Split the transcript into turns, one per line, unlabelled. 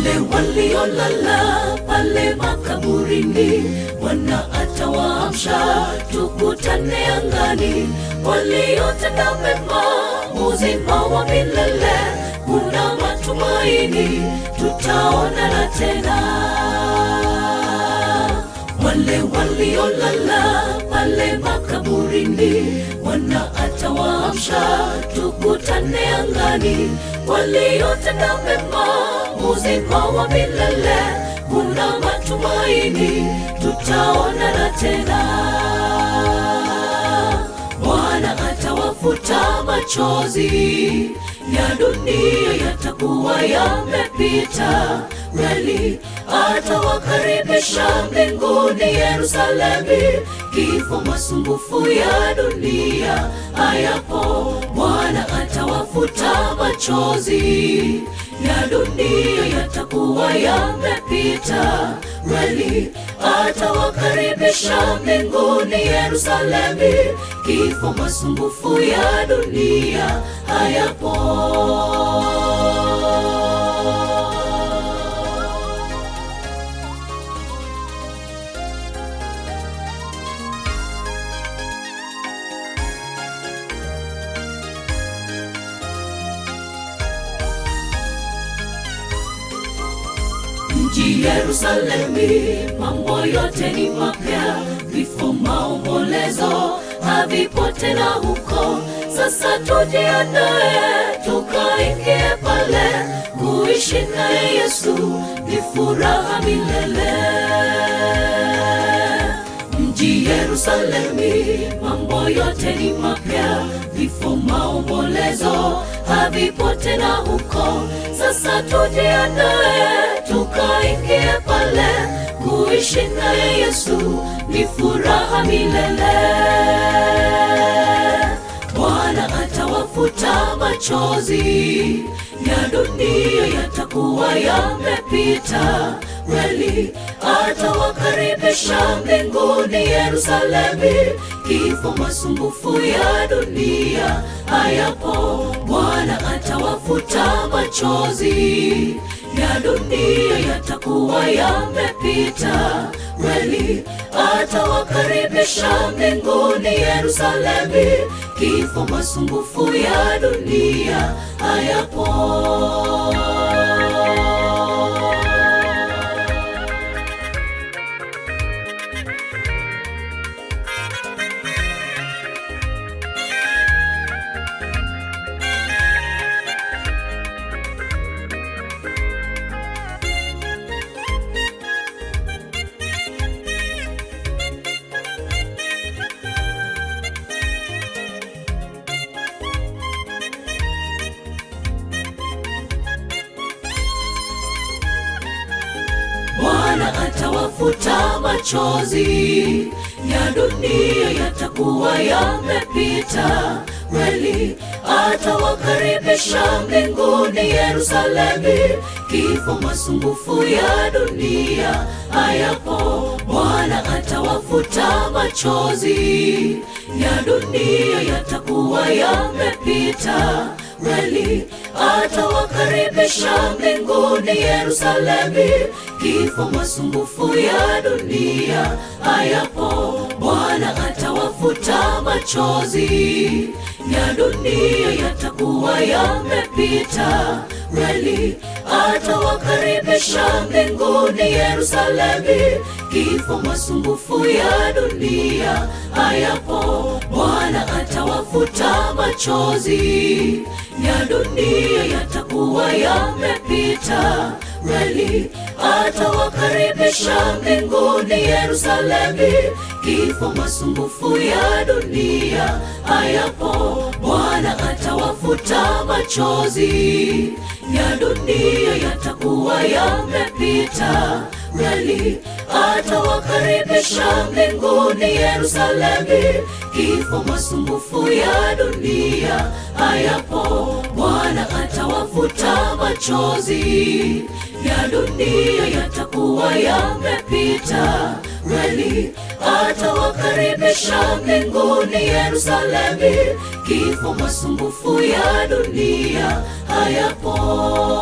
wale waliolala pale makaburini, Bwana atawaamsha tukutane angani. Waliotenda mema, uzima wa milele, kuna matumaini, tutaonana tena. Wale waliolala pale makaburini, Bwana atawaamsha tukutane angani. Waliotenda mema uzima kwa milele, kuna matumaini, tutaonana tena. Bwana atawafuta machozi ya dunia, yatakuwa yamepita. Kweli atawakaribisha mbinguni Yerusalemu. Kifo, masumbufu ya dunia hayapo. Bwana atawafuta machozi ya dunia yatakuwa yamepita, bali atawakaribisha mbinguni Yerusalemu. Kifo, masumbufu ya dunia hayapo Yerusalemi, mambo yote ni mapya. Vifo, maombolezo havipo tena huko. Sasa tujiandae, tukaingie pale. Kuishi naye Yesu ni furaha milele. Mji Yerusalemi, mambo yote ni mapya. Vifo, maombolezo havipo tena huko. Sasa tujiandae Kuishi na Yesu ni furaha milele. Bwana atawafuta machozi ya dunia, yatakuwa yamepita kweli. Atawakaribisha mbinguni Yerusalemu. Kifo, masumbufu ya dunia hayapo. Bwana atawafuta machozi ya dunia yatakuwa yamepita kweli, atawakaribisha mbinguni Yerusalemu. Kifo, masumbufu ya dunia hayapo. yatawafuta machozi ya dunia yatakuwa yamepita, kweli atawakaribisha mbinguni Yerusalemu. Kifo, masumbufu ya dunia hayapo, Bwana atawafuta machozi ya dunia yatakuwa yamepita kweli, atawakaribisha mbinguni Yerusalemi. Kifo, masumbufu ya dunia hayapo, Bwana atawafuta machozi ya dunia, yatakuwa yamepita kweli, atawakaribisha mbinguni Yerusalemu. Kifo, masumbufu ya dunia hayapo. Bwana atawafuta machozi ya dunia, yatakuwa yamepita kweli, atawakaribisha mbinguni Yerusalemu kifo, masumbufu ya dunia hayapo. Bwana atawafuta machozi ya dunia, yatakuwa yamepita mbali, atawakaribisha mbinguni Yerusalemu. Kifo, masumbufu ya dunia hayapo. Bwana atawafuta machozi ya dunia, yatakuwa yamepita kweli, atawakaribisha mbinguni Yerusalemu. Kifo, masumbufu ya dunia hayapo.